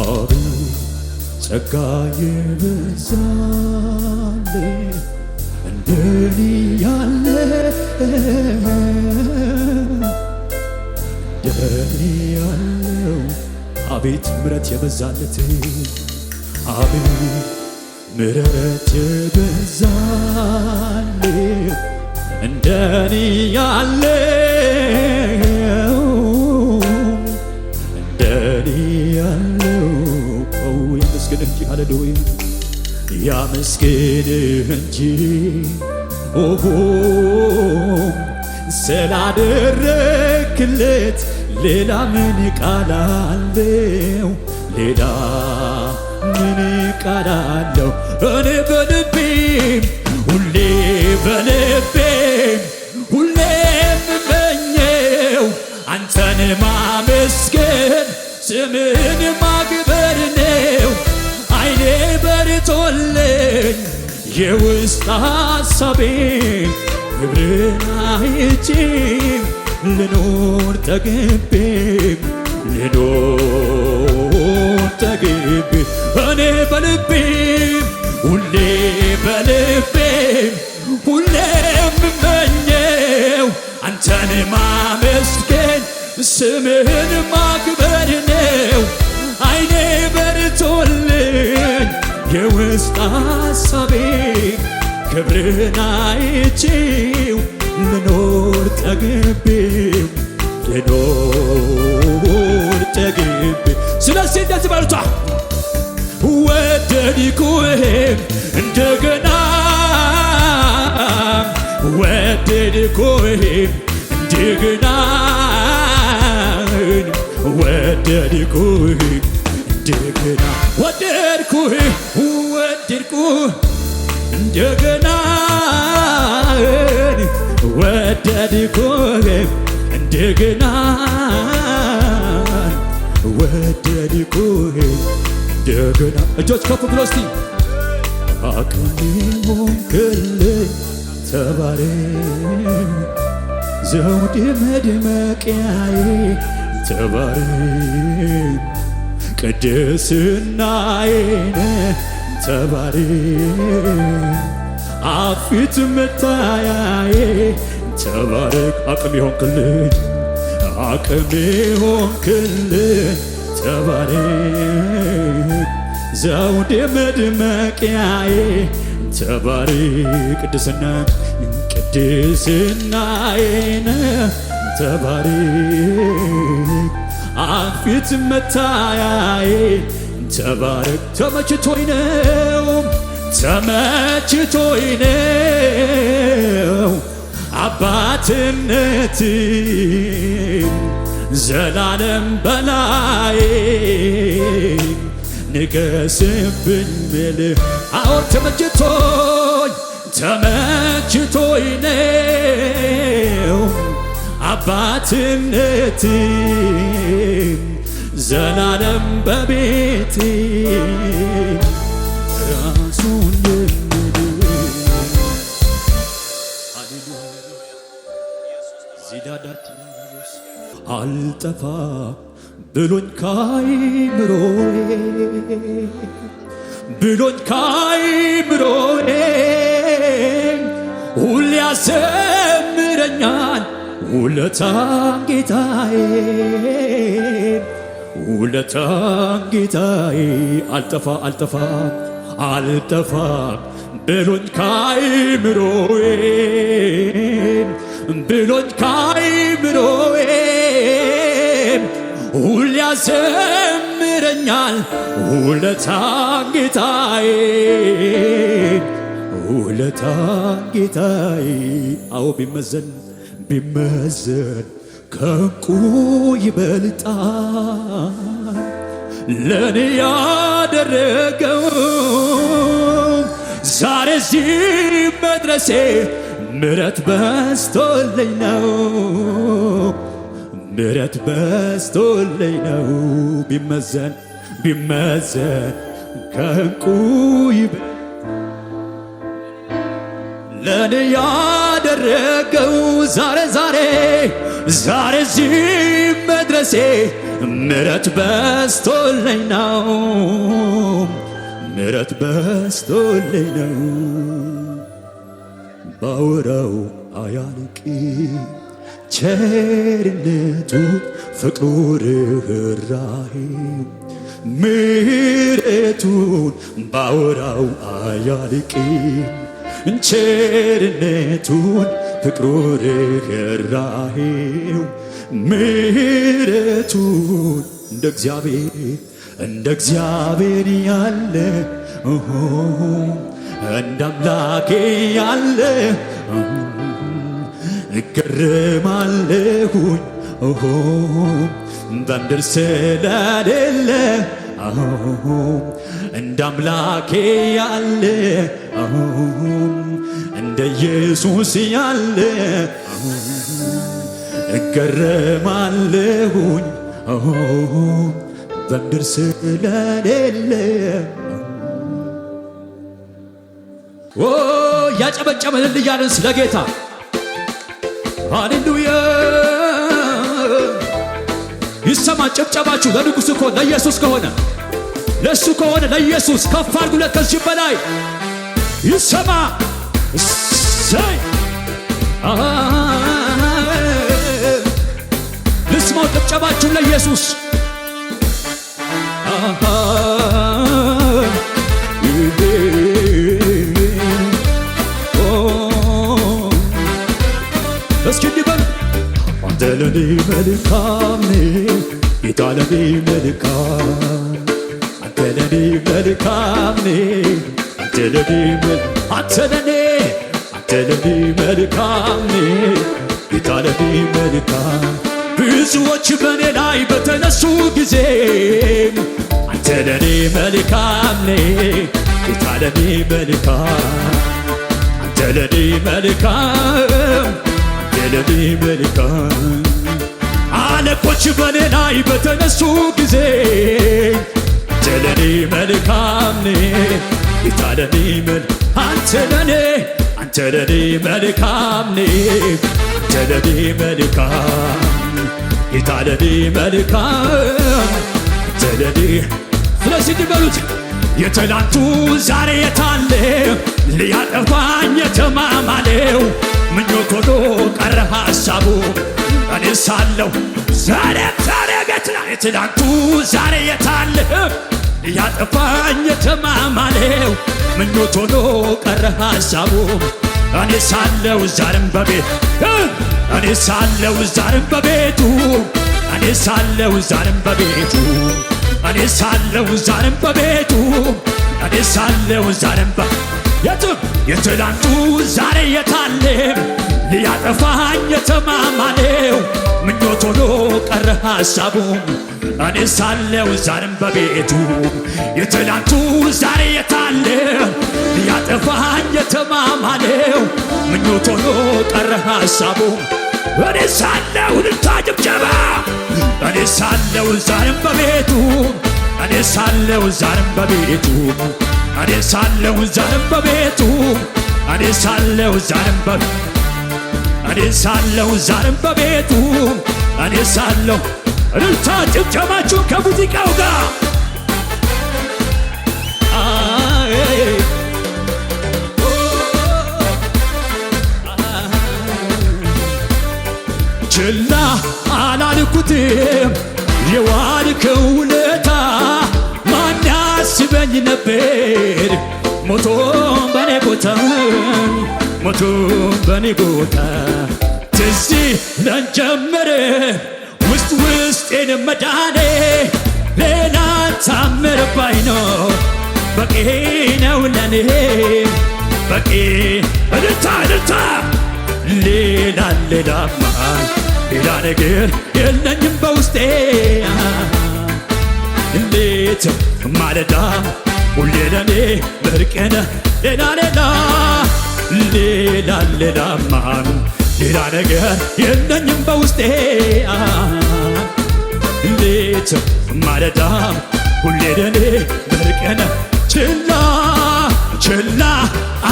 አቤት ጸጋ የበዛለ እንደኔ ያለ እንደኔ ያለው አቤት ምረት የበዛለት አቤት ምረት የበዛለ እንደኔ ያለ ሃሌሉያ ያመስግንህ እንጂ ኦሆ ስላደረክለት ሌላ ምን ቃል አለው? ሌላ ምን ቃል አለው? እኔ በልቤም ሁሌ በልቤም ሁሌ የምመኘው አንተን ማመስገን ስምን የውስጥ ሐሳቤን ክብርን አይቼ ልኖር ተገቤ ልኖር ተገቤ እኔ በልቤ ሁሌ በልቤ ሁሌ የምመኘው አንተን ማመስገን ስምህን ማክበር ነው አይኔ የውስጥ ሐሳቤ ክብርን አይቼው መኖር ጠግቤው ልኖር ጠግቤ ስለዚህ እንደዚህ በርቷ ወደድኩህም እንደገና ወደድኩህም እንደገና ወደድኩህም እንደገና ወደድኩ ወደድኩ እንደገና ወደድኩ እንደገና ወደድኩ እንደገና እጆች ከፍ ብሎ እስቲ አቅሜሞን ክል ተባሬ ዘውድ መድመቅያዬ ተባሬ ቅድስናዬን ተባሬ አፊት መታያዬ ተባረክ አቅም የሆንክልኝ አቅም የሆንክልኝ ተባረክ ዘውዴ መድመቅያዬ ተባረክ ቅድስና ቅድስናዬን ተባረክ አፊት መታያዬ ተባረክ ተመችቶኝ ነው ተመችቶኝ ነው አባትነት ዘላለም በላይ ንገስብኝ ምልህ አዎ ተመችቶኝ ተመችቶኝ ነው አባትነት ዘላለም በቤቴ ራሱን አልጠፋ ብሎኝ ካይምሮ ብሎኝ ካይምሮዬ ሁሌ ያዘምረኛል ውለታን ጌታዬ ውለታን ጌታዬ አልጠፋ አልጠፋ አልጠፋ ብሎኝ ካይምሮዬ ብሎኝ ካይምሮዬ ሁሌ ያዘምረኛል ውለታን ጌታዬ ውለታን ጌታዬ አዎ ቢመዘን ቢመዘን ከዕንቁ ይበልጣል ለእኔ ያደረገው ዛሬ እዚህ መድረሴ ምሕረት በዝቶልኝ ነው ምሕረት በዝቶልኝ ነው ቢመዘን ቢመዘን ከዕንቁ ይበ ለእኔ ያ ያደረገው ዛሬ ዛሬ ዛሬ እዚህ መድረሴ ምረት በስቶልኝ ነው ምረት በስቶልኝ ነው ባወራው አያልቅ ቸርነቱ ፍቅሩ ርኅራሄ ምረቱን ባወራው አያልቅ እንቸርነቱን ፍቅሩ ርኅራኄው ምሕረቱን እንደ እግዚአብሔር እንደ እግዚአብሔር ያለ እንደ አምላኬ ያለ እገረማለሁኝ! በምድር ስለሌለ እንደ አምላኬ ያለ ኢየሱስ ያለ እገረማለሁኝ በምድር ስለሌለ ያጨበጨበን እያልን ስለ ጌታ ሃሌሉያ ይሰማ። ጭብጨባችሁ ለንጉሥ እኮ ለኢየሱስ ከሆነ ለእሱ ከሆነ ለኢየሱስ ከፍ አድርጉለት ከዚህ በላይ ይሰማ። ልስማው ጭብጨባችን ለኢየሱስ እስኪ እንዲበል አንተ ለኔ መልካም ጌታ ለኔ መልካም አንተ ለኔ መልካም አንተ ለኔ ለእኔ መልካም ጌታ ለእኔ መልካም ብዙዎች በኔ ላይ በተነሱ ጊዜ አንተ ለእኔ መልካም ጌታ ለእኔ መልካም አንተ ለእኔ መልካም አንተ ለእኔ መልካም አለቆች በእኔ ላይ በተነሱ ጊዜ አንተ ለእኔ መልካም ጌታ ለእኔ መልካም አንተ ለእኔ ተለኔ መልካም ነው ተለኔ መልካም ጌታ ለኔ መልካም ተለኔ ስለዚህ በሉት የትላንቱ ዛሬ የታለ ሊያጠፋኝ የተማማለው ምኞት ቀረ ሀሳቡ እኔ ሳለሁ ዛሬ ዛሬ የትላንቱ ዛሬ የታለ ያጠፋኝ የተማማሌው ምኞት ሆኖ ቀረ ሀሳቡ እኔ ሳለው በቤት እኔ ሳለው በቤቱ እኔ ሳለው በቤቱ እኔ ሳለው በቤቱ እኔ ሳለው በ የትላንቱ ዛሬ የታለም ያጠፋኝ ሀሳቡ አነሳለው ዛሬም በቤቱ የትላንቱ ዛሬ የታለ ያጠፋኝ የተማማለው ምኞት ሆኖ ቀረ ሀሳቡ አነሳለው ልልታ ጭብጨባ አነሳለው ዛሬም በቤቱ አነሳለው ዛሬም በቤቱ አነሳለው ዛሬም በቤቱ አነሳለው ዛሬም በቤቱ እኔ ሳለሁ ዛሬም በቤቱ እኔ ሳለሁ እልልታ ጭብጨባችሁ ከሙዚቃው ጋር ሞቱ በኔ ትዝ ይለን ጀመረ ውስጥ ውስጤን መዳኔ ሌላ ታምር ባይ ነው በቂ ነው ለኔ በቂ እልልታ እልልታ ሌላ ሌላማ ሌላ ነገር የለኝም በውስጤ እንዴት ማለዳ ሁሌ ለኔ ብርቅነ ሌላ ሌላ ሌላ ሌላማ ሌላ ነገር የለኝም በውስጤ ሌት ማለዳ ሁሌ ደኔ በርቀነ ችላ ችላ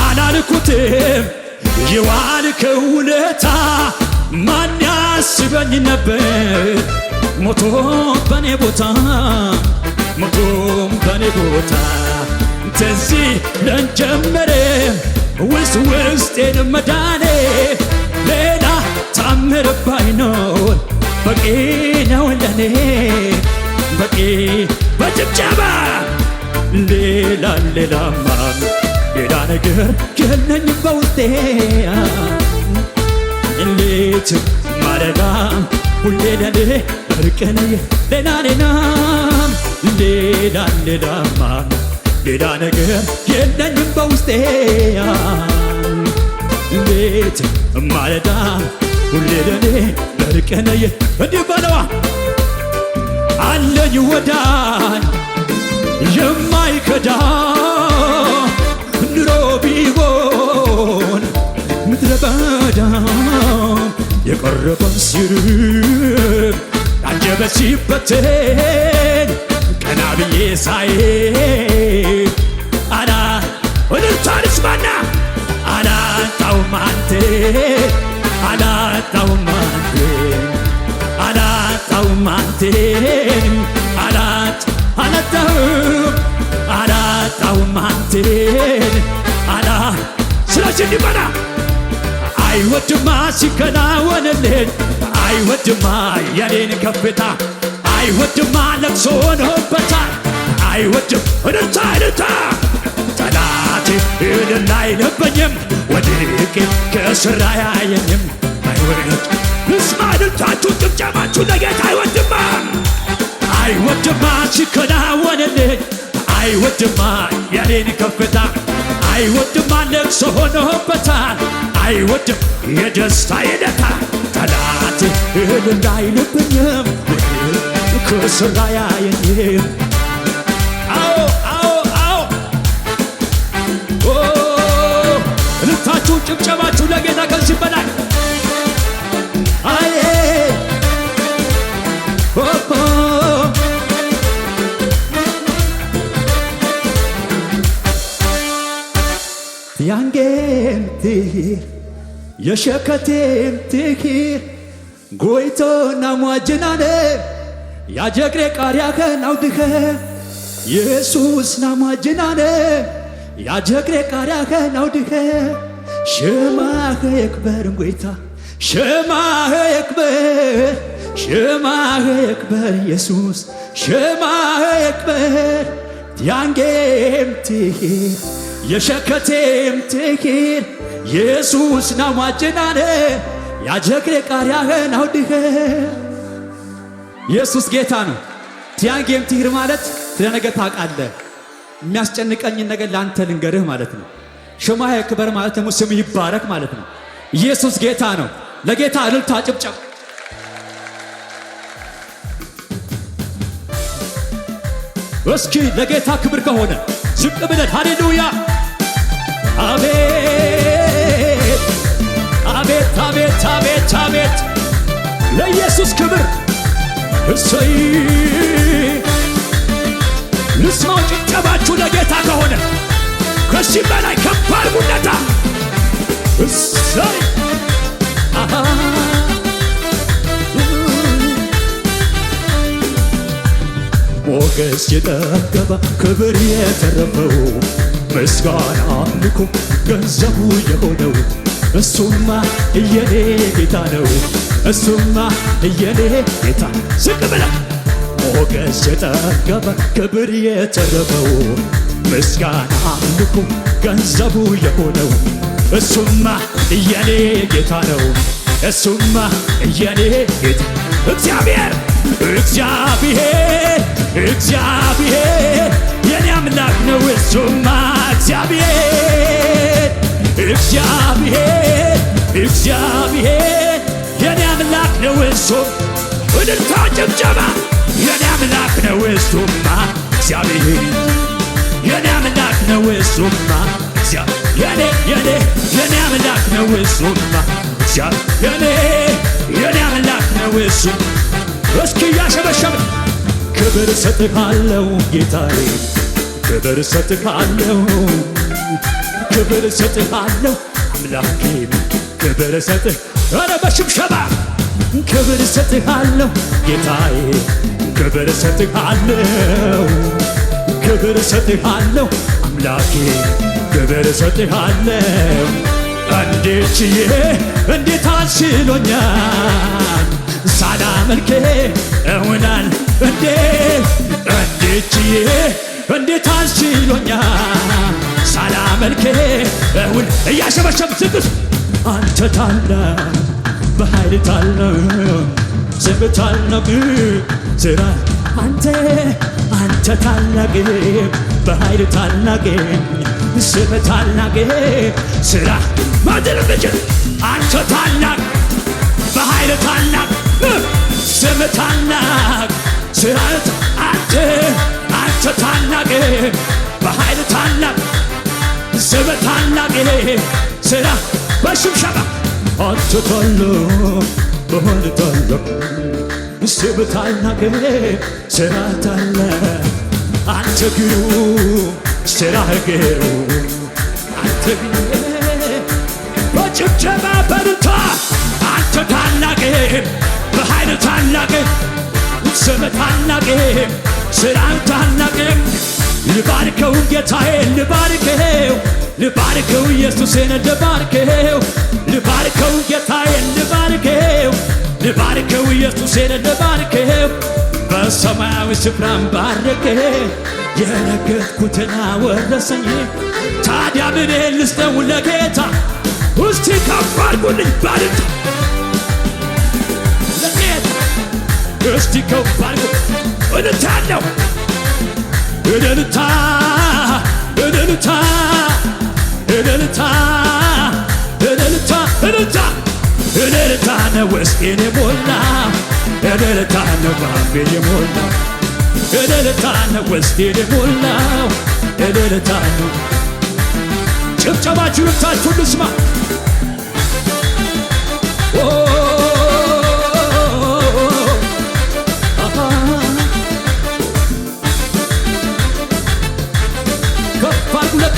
አላልኩትም የዋልከው ውለታ ማን ያስበኝ ነበር ሞቶ በኔ ቦታ ሞቶም በኔ ቦታ ተዚህ ለንጀመረ ውስጥ ውስጤን መዳኔ ሌላ ታምር ባይኖር በቂ ነው ለኔ በቂ በጭብጨባ ሌላ ሌላማ ሌላ ነገር የለኝ በውስጤ ሌት ማለዳ ሁሌ ለኔ እርቅን ሌላ ሌላ ሌላ ሌላማ ሌላ ነገር የለኝም በውስጤ እንዴት ማለዳ ሁሌ ለኔ በርቀነየ እንዲህ በለዋ አለኝ ወዳጅ የማይከዳ ኑሮ ቢሆን ምድረ በዳ የቀረበን ሲርብ አንጀበት ሲበተን ቀና ብዬ ሳይ አላ ወደርቷንስ ማና አላጣውም አንቴ አላጣውም አንቴ አላጣውም አንቴ አላጥ አላጣውም አላጣውም አንቴ አላ ስራችን ይበላ አይወድማ ሲከናወንልን አይወድማ የኔን ከፍታ አይወድም አለቅሶ ሆኖበታል። አይወድም እድታ እድታ ጠላቴ ይህንን አይነበኝም ወድቄ ከስራ ያየኝም አይወድ ምስማ ድምታችሁ ጭብጨባችሁ ለጌታ አይወድማ አይወድማ ሲከናወንልኝ አይወድማ የኔን ከፍታ አይወድማ ለቅሶ ሆኖበታል። አይወድም የደስታ ይደታ ጠላቴ ይህንን አይነበኝም ከስራ ያየኝም አዎ አዎ አዎ እልልታችሁ ጭብጨባችሁ ለጌታ ከዚህ በላይ አይ ያንጌም ትሂር የሸከቴም ትሂድ ጎይቶና ሟጅናኔ ያጀግሬ ቃሪያኸን አውጥኸ ኢየሱስ ናማጅናነ ያጀግሬ ቃሪያኸን አውድኸ ሽማኸ የክበርን ጐይታ ሽማኸ የክበር ሽማኸ የክበር ኢየሱስ ሽማኸ የክበር ዲያንጌም ትኺር የሸከቴም ትኺር ኢየሱስ ናማጅናነ ያጀግሬ ቃሪያኸን አውድኸ ኢየሱስ ጌታ ነው። ቲያንጌም ትሂር ማለት ስለ ነገ ታውቃለህ። የሚያስጨንቀኝን ነገር ለአንተ ልንገርህ ማለት ነው። ሽማህ ክበር ማለት ደግሞ ስሙ ይባረክ ማለት ነው። ኢየሱስ ጌታ ነው። ለጌታ እልልታ ጭብጨባ እስኪ ለጌታ ክብር ከሆነ ዝቅ ብለን ሃሌሉያ አቤት አቤት አቤት አቤት አቤት ለኢየሱስ ክብር እሰይ ልስማው ጭብጨባችሁ ለጌታ ከሆነ ከዚህ በላይ ከባድ ውለታ እሰይ ሞገስ የጠገባ ክብር የተረፈው ምስጋና አምልኮ ገንዘቡ የሆነው እሱማ እየኔ ጌታ ነው እሱማ እየኔ ጌታ ዝቅ ብለ ሞገስ የጠገበ ክብር የተረፈው ምስጋና አምልኮ ገንዘቡ የሆነው እሱማ እየኔ ጌታ ነው። እሱማ እየኔ ጌታ እግዚአብሔር እግዚአብሔር እግዚአብሔር የኔ አምላክ ነው። እሱማ እግዚአብሔር እግዚአብሔር እግዚአብሔር አምላክ ነው እሱ እድልታ ጭብጨባ የኔ አምላክ ነው እሱማ እግዚአብሔር የኔ አምላክ ነው እሱማ የኔ የኔ የኔ አምላክ ነው እሱማ የኔ የኔ አምላክ ነው እሱ እስኪ እያሸበሸብ ክብር እሰጥሃለሁ ጌታዬ ክብር እሰጥሃለሁ ክብር እሰጥሃለሁ አምላኬ ክብር እሰጥህ ኧረ በሽብሸባ ክብር እሰጥሃለሁ ጌታዬ፣ ክብር እሰጥሃለሁ፣ ክብር እሰጥሃለሁ አምላኬ፣ ክብር እሰጥሃለሁ። እንዴት ችዬ እንዴት አልችሎኛል ሳላመልክ እውናል እንዴ እንዴት ችዬ እንዴት አልችሎኛል ሳላመልክ እውን እያሸበሸብ ዝቅስ አንተ ታላ በኃይል ታለው ስብታልነቅ ስራ አንተ አንተ ታላቅ በኃይል ታላቅ ስብታላቅ ስራ ምድር ምድር አንተ ታላቅ በኃይል ታላቅ ስብታላቅ ስራ አንተ አንተ ታላቅ በኃይል ታላቅ ስብታላቅ ስራ በሽብሸባ አትታለሁ በሆንታለሁ ስብታና ግብሬ ስራ ታለ አንተ ግሩ ስራ ግሩ አንተ በጭብጨባ በርታ አንተ ታላቅም በኃይል ታላቅም ስም ታላቅም ስራ ታላቅም ልባርከውን ጌታዬ ልባርከው ልባርከው ኢየሱሴን ልባርከው ልባርከው ጌታዬን ልባርከው ልባርከው ኢየሱሴን ልባርከው በሰማያዊ ስፍራም ባረከ የረገጥኩትን አወረሰኝ። ታዲያ ምን ልስጠው ለጌታ እስቲ ከፍ አድርጉልኝ ለጌታ እስቲ ከፍ አድርጉ እልታለሁ እልልታ እልልታ እልልታ እልልታ እልልታ ነው ውስጤን የሞላ እልልታ ነው ባፌን የሞላ እልልታ ነው ውስጤን የሞላው እልልታ ነው። ጭብጨባችሁ ይብታችሁ ሁሉ ስማ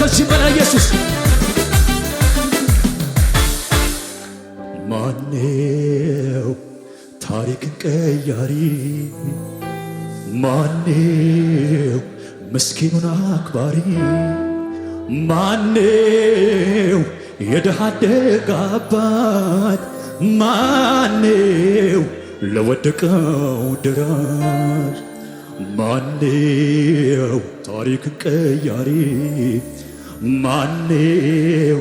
ከዚህ በላይ ኢየሱስ ቀያሪ ማነው ምስኪኑን አክባሪ ማኔው የድሃ አደግ አባት ማነው ለወደቀው ደራሽ ማነው ታሪክን ቀያሪ ማነው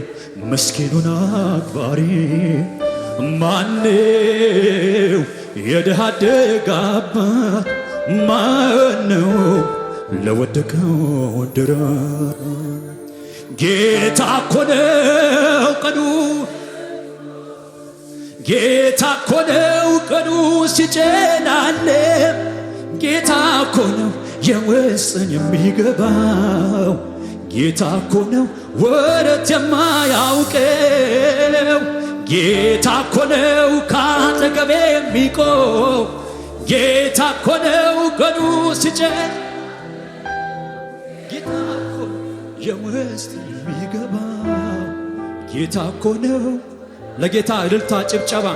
ምስኪኑን አክባሪ ማነው የድሃ አደግ አባት ማነው ለወደቀው ድረስ ጌታ እኮ ነው ቀኑ ጌታ እኮ ነው ቀኑ ሲጨናነቅ ጌታ እኮ ነው የውስጥን የሚገባው ጌታ እኮ ነው ወረት የማያውቀው ጌታ እኮ ነው ካጠገቤ የሚቆ! ጌታ እኮ ነው ጎኑ ሲጨን ጌታ እኮ የውስጥ የሚገባ ጌታ እኮ ነው። ለጌታ እልልታ ጭብጨባ